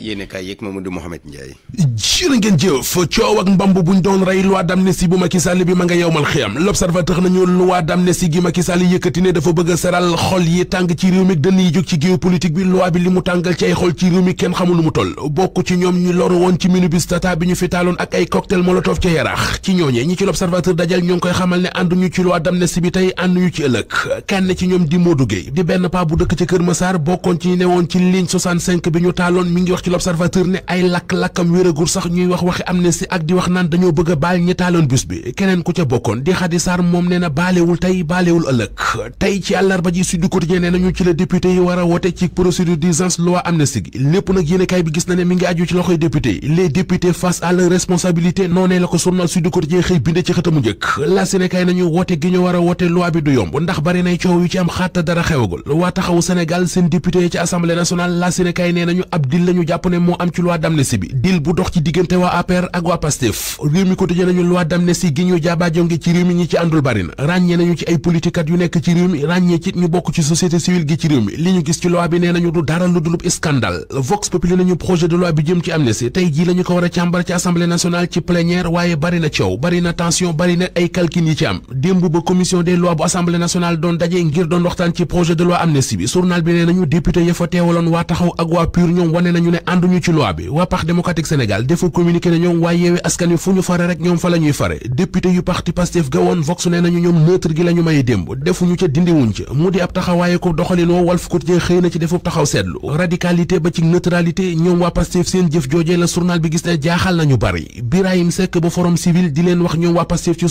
yéen kaay yeeg ngeen jëf coow ak mbamb buñ doon rey loi d'amnistie bu Macky Sall bi ma nga yowmal xiyam l'observateur nañu loi gi Macky Sall yëkkati ne dafa bëgg a seral xol yi tàng ci réew mi dënn yi jóg ci géopolitique bi loi bi li mu tàngal ci ay xol ci réew mi kenn xamul mu toll bokk ci ñoom ñu loru woon ci minibus tata bi ñu fi taaloon ak ay cocktail molotov ca yaraax ci ñooñee ñi ci l'observateur dajal ñoo ngi koy xamal ne ànduñu ci loi d'amnistie bi tey ànduñu ci ëllëg kenn ci ñoom di Modou Gueye ci l'observateur ne ay lakk-lakkam wéragul sax ñuy wax waxi amnistie ak di wax naan dañoo bëgg baal ñi taaloon bi keneen ku ca bokkoon di Khady moom nee na baalewul tey baalewul ëllëg tey ci àllarba ji Sud Quotidien nee nañu ci la député yi war a ci procédure d'urgence loi amnistie gi lépp nag yéenekaay bi gis na ne mi ngi aju ci loxoy député yi les députés face à leur responsabilité noonee la ko journal Sud Quotidien xëy binde ci xëtamu njëkk la Sénégal jàpp ne moo am ci loi d'amnistie bi dil bu dox ci diggante waa APR ak waa PASTEF réew mi quotidien nañu loi d'amnistie gi ñu jaabaajonge ci réew mi ñi ci àndul bari ràññee nañu ci ay politikat yu nekk ci réew mi ràññee ci ñu bokk ci société civile gi ci réew mi li ñu gis ci loi bi nee nañu du dara lu dulub scandale Vox Populi nañu projet de loi bi jëm ci amnistie tey jii la ko war càmbar ci assemblée nationale ci plénière waaye bari ànduñu ci loi bi waa parti démocratique Sénégal defa communiqué ne ñoom waa yeewee askan wi fu ñu fare rek ñoom fa la fare député yu parti Pastef gawoon vox ne nañu ñoom neutre gi la may démb defuñu ca dindiwuñ ca mu di ab taxawaaye ko doxalin woo Walf xëy na ci defub taxaw seetlu radicalité ba ci neutralité ñoom waa Pastef seen jëf joojee la journal bi gis ne jaaxal nañu bari Birahim Seck ba forum civil di leen wax ñoom waa Pastef ci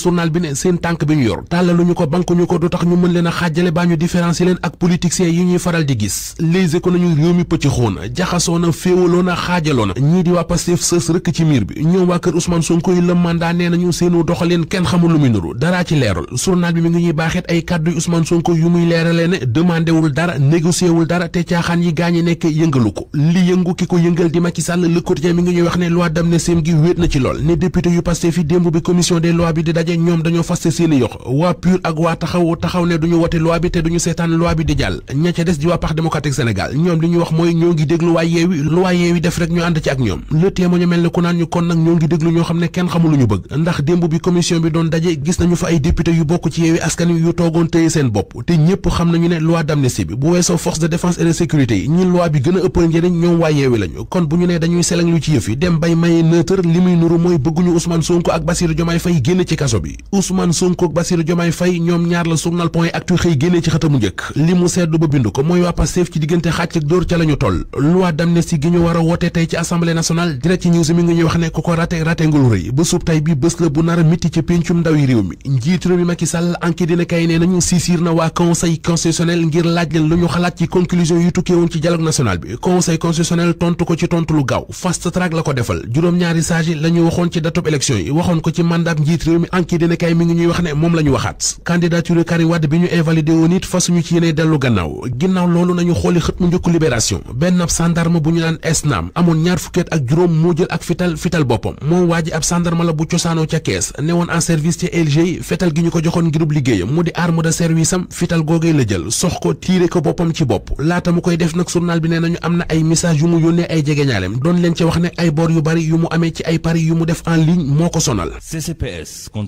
féewaloona xaajaloona ñii di waa Pastef sës rëkk ci miir bi ñoom waa kër Ousmane Sonko yi la mandat nee nañu seenu doxalin kenn xamul lu muy nuru dara ci leerul journal bi mi ngi ñuy baaxit ay kàddu Ousmane Sonko yu muy leerale ne demandé dara négocié dara te caaxaan yi gaañe nekk yëngalu ko li yëngu ki ko yëngal di Macky Sall Le Quotidien mi ngi ñuy wax ne loi d'amnistie gi wéet na ci lool ne député yu Pastef yi démb bi commission Yeewi def rek ñu ànd ci ak ñoom le témoin mel ne ku naan ñu kon nag ñoo ngi déglu ñoo xam ne kenn xamul lu ñu bëgg ndax démb bi commission bi doon daje gis nañu fa ay député yu bokk ci Yeewi askan yu toogoon téye seen bopp te ñëpp xam nañu ne loi d'amnistie bi bu weesoo force de défense et de sécurité yi ñi bi gën ëppal njëriñ ñoom waa Yeewi lañu kon bu ñu ne dañuy seleng lu ci yëf dem bay maye neutre li muy nuru mooy bëgguñu Ousmane Sonko war a woote tey ci assemblée nationale direct ci mi ngi ñuy wax ne ku ko rate rate nga rëy bésub tey bi bés la bu nar a miti ci péncum ndaw yi réew mi njiitu réew mi Macky Sall enquête dina nañu siisir na waa conseil constitutionnel ngir laaj leen lu ñu xalaat ci conclusion yu tukkee ci dialogue national bi conseil constitutionnel tontu ko ci tontu lu gaaw fast track la ko defal juróom-ñaari sages la waxoon ci datub élection yi waxoon ko ci Cees naam amoon ñaar fukki ak juróom moo jël ak fital fital boppam moom waa ji ab sandarma la bu cosaanoo ca kees ne woon en service ca LG fetal gi ñu ko joxoon ngirub liggéeyam mu di arme de service am fital googee la jël sox ko tiire ko boppam ci bopp laata mu koy def nag journal bi nee nañu am na ay message yu mu yónnee ay jegeñaaleem doon leen ca wax ne ay bor yu bari yu mu amee ci ay pari yu mu def en ligne moo ko sonal CCPS